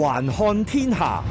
環看天下，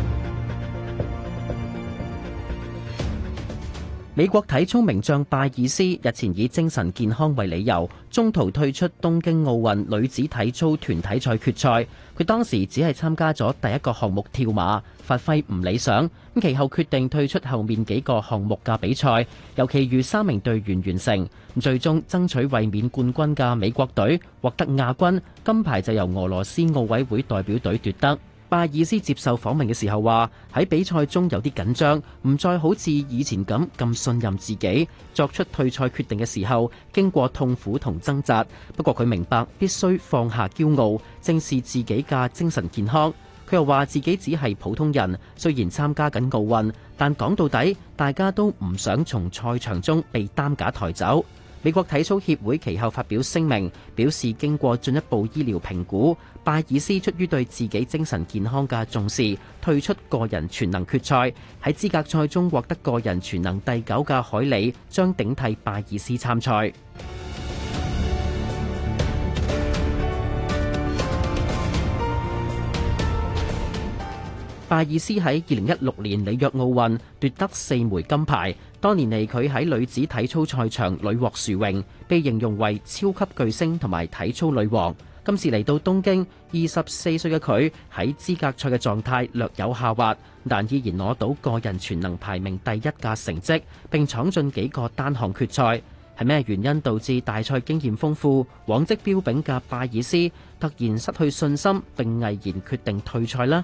美國體操名將拜爾斯日前以精神健康為理由，中途退出東京奧運女子體操團體賽決賽。佢當時只係參加咗第一個項目跳馬，發揮唔理想，咁其後決定退出後面幾個項目嘅比賽，由其餘三名隊員完成。最終爭取衛冕冠軍嘅美國隊獲得亞軍，金牌就由俄羅斯奧委會代表隊奪得。拜爾斯接受訪問嘅時候話：喺比賽中有啲緊張，唔再好似以前咁咁信任自己。作出退賽決定嘅時候，經過痛苦同掙扎。不過佢明白必須放下驕傲，正視自己嘅精神健康。佢又話自己只係普通人，雖然參加緊奧運，但講到底，大家都唔想從賽場中被擔架抬走。美國體操協會其後發表聲明，表示經過進一步醫療評估，拜爾斯出於對自己精神健康嘅重視，退出個人全能決賽。喺資格賽中獲得個人全能第九嘅海里將頂替拜爾斯參賽。拜爾斯喺二零一六年里約奧運奪得四枚金牌，多年嚟，佢喺女子體操賽場屢獲殊榮，被形容為超級巨星同埋體操女王。今次嚟到東京，二十四歲嘅佢喺資格賽嘅狀態略有下滑，但依然攞到個人全能排名第一嘅成績，並闖進幾個單項決賽。係咩原因導致大賽經驗豐富、往績彪炳嘅拜爾斯突然失去信心，並毅然決定退賽呢？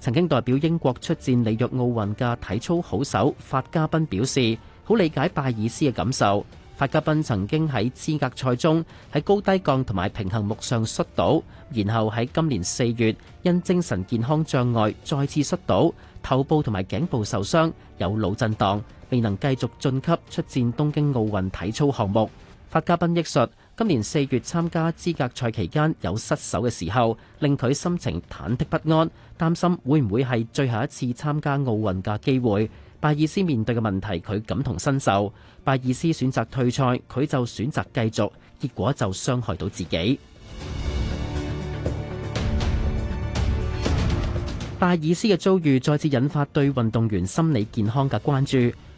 曾經代表英國出戰里約奧運嘅體操好手法嘉賓表示，好理解拜爾斯嘅感受。法嘉賓曾經喺資格賽中喺高低槓同埋平衡木上摔倒，然後喺今年四月因精神健康障礙再次摔倒，頭部同埋頸部受傷，有腦震盪，未能繼續晉級出戰東京奧運體操項目。法嘉賓憶述，今年四月參加資格賽期間有失手嘅時候，令佢心情忐忑不安，擔心會唔會係最後一次參加奧運嘅機會。拜爾斯面對嘅問題，佢感同身受。拜爾斯選擇退賽，佢就選擇繼續，結果就傷害到自己。拜爾斯嘅遭遇再次引發對運動員心理健康嘅關注。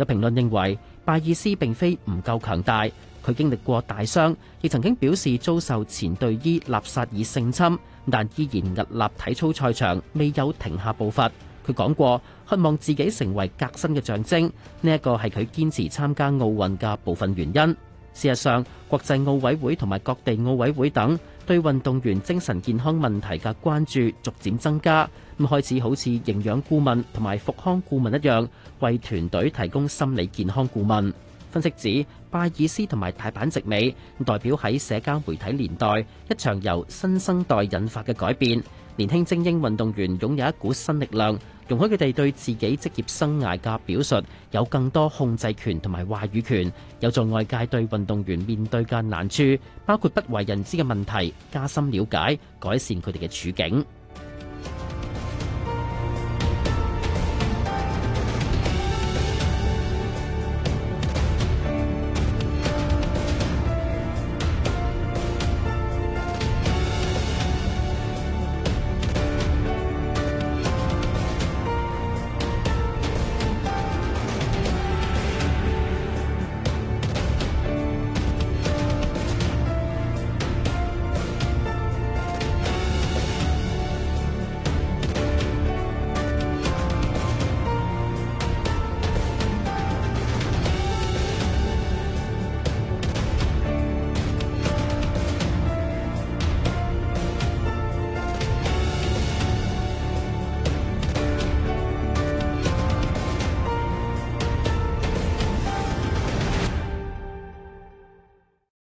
有評論認為，拜爾斯並非唔夠強大，佢經歷過大傷，亦曾經表示遭受前隊醫納薩爾性侵，但依然屹立體操賽場，未有停下步伐。佢講過，渴望自己成為革新嘅象徵，呢一個係佢堅持參加奧運嘅部分原因。事實上，國際奧委會同埋各地奧委會等對運動員精神健康問題嘅關注逐漸增加，咁開始好似營養顧問同埋復康顧問一樣，為團隊提供心理健康顧問。分析指，拜爾斯同埋大坂直美代表喺社交媒體年代一場由新生代引發嘅改變。年輕精英運動員擁有一股新力量，容許佢哋對自己職業生涯嘅表述有更多控制權同埋話語權，有助外界對運動員面對嘅難處，包括不為人知嘅問題，加深了解，改善佢哋嘅處境。